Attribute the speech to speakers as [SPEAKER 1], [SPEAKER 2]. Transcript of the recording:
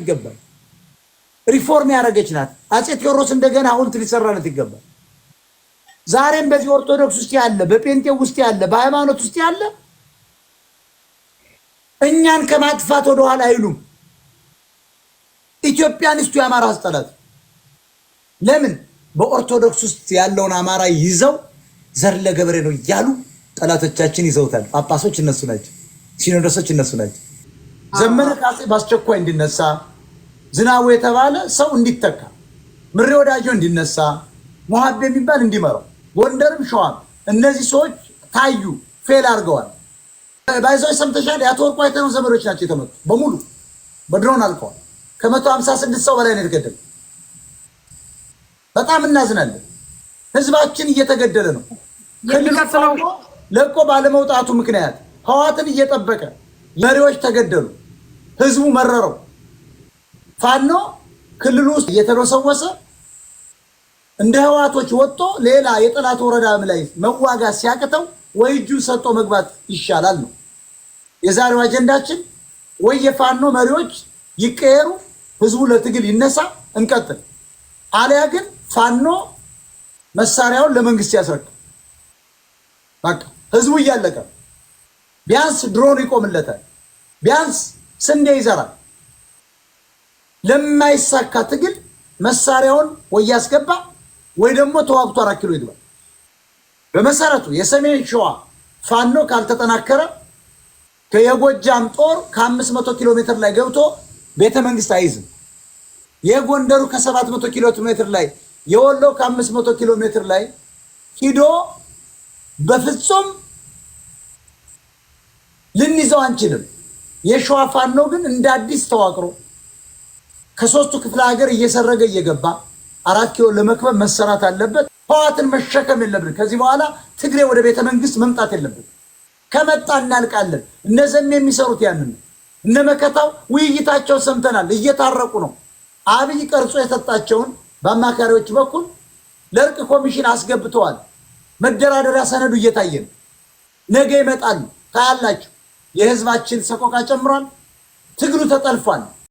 [SPEAKER 1] ይገባል። ሪፎርም ያደረገች ናት። አፄ ቴዎድሮስ እንደገና ሐውልት ሊሰራለት ይገባል። ዛሬም በዚህ ኦርቶዶክስ ውስጥ ያለ፣ በጴንጤ ውስጥ ያለ፣ በሃይማኖት ውስጥ ያለ እኛን ከማጥፋት ወደኋላ አይሉም። ኢትዮጵያን እስቱ የአማራ አስጠላት ለምን በኦርቶዶክስ ውስጥ ያለውን አማራ ይዘው ዘር ለገበሬ ነው እያሉ ጠላቶቻችን ይዘውታል። ጳጳሶች እነሱ ናቸው፣ ሲኖዶሶች እነሱ ናቸው። ዘመነ ካሴ በአስቸኳይ እንዲነሳ፣ ዝናቡ የተባለ ሰው እንዲተካ፣ ምሬ ወዳጆ እንዲነሳ፣ ሙሀቤ የሚባል እንዲመራው፣ ጎንደርም ሸዋም እነዚህ ሰዎች ታዩ። ፌል አድርገዋል። ባይዛዎች ሰምተሻል። የአቶ ወርቁ አይተነው ዘመዶች ናቸው የተመቱ በሙሉ በድሮን አልቀዋል። ከመቶ ሀምሳ ስድስት ሰው በላይ ነው የተገደለ። በጣም እናዝናለን። ህዝባችን እየተገደለ ነው። ለቆ ባለመውጣቱ ምክንያት ህዋትን እየጠበቀ መሪዎች ተገደሉ። ህዝቡ መረረው። ፋኖ ክልሉ ውስጥ እየተደሰወሰ እንደ ህዋቶች ወጥቶ ሌላ የጠላት ወረዳም ላይ መዋጋት ሲያቅተው ወይ እጁን ሰጥቶ መግባት ይሻላል ነው የዛሬው አጀንዳችን። ወይ የፋኖ መሪዎች ይቀየሩ፣ ህዝቡ ለትግል ይነሳ፣ እንቀጥል። አሊያ ግን ፋኖ መሳሪያውን ለመንግስት ያስረክብ። በቃ ህዝቡ እያለቀ ቢያንስ ድሮን ይቆምለታል ቢያንስ ስንዴ ይዘራል። ለማይሳካ ትግል መሳሪያውን ወይ ያስገባ ወይ ደግሞ ተዋግቶ አራት ኪሎ ይግባል። በመሰረቱ የሰሜን ሸዋ ፋኖ ካልተጠናከረ የጎጃም ጦር ከ500 ኪሎ ሜትር ላይ ገብቶ ቤተ መንግስት አይዝም። የጎንደሩ ከ700 ኪሎ ሜትር ላይ፣ የወሎው ከ500 ኪሎ ሜትር ላይ ሂዶ በፍጹም ልንይዘው አንችልም። የሸዋ ፋኖ ግን እንደ አዲስ ተዋቅሮ ከሶስቱ ክፍለ ሀገር እየሰረገ እየገባ አራት ኪሎ ለመክበብ መሰራት አለበት። ህዋትን መሸከም የለብን። ከዚህ በኋላ ትግሬ ወደ ቤተ መንግስት መምጣት የለብን። ከመጣ እናልቃለን። እነዘም የሚሰሩት ያንን ነው። እነመከታው ውይይታቸው ሰምተናል፣ እየታረቁ ነው። አብይ ቀርጾ የሰጣቸውን በአማካሪዎች በኩል ለእርቅ ኮሚሽን አስገብተዋል። መደራደሪያ ሰነዱ እየታየ ነው። ነገ ይመጣሉ፣ ታያላችሁ። የህዝባችን ሰቆቃ ጨምሯል። ትግሉ ተጠልፏል።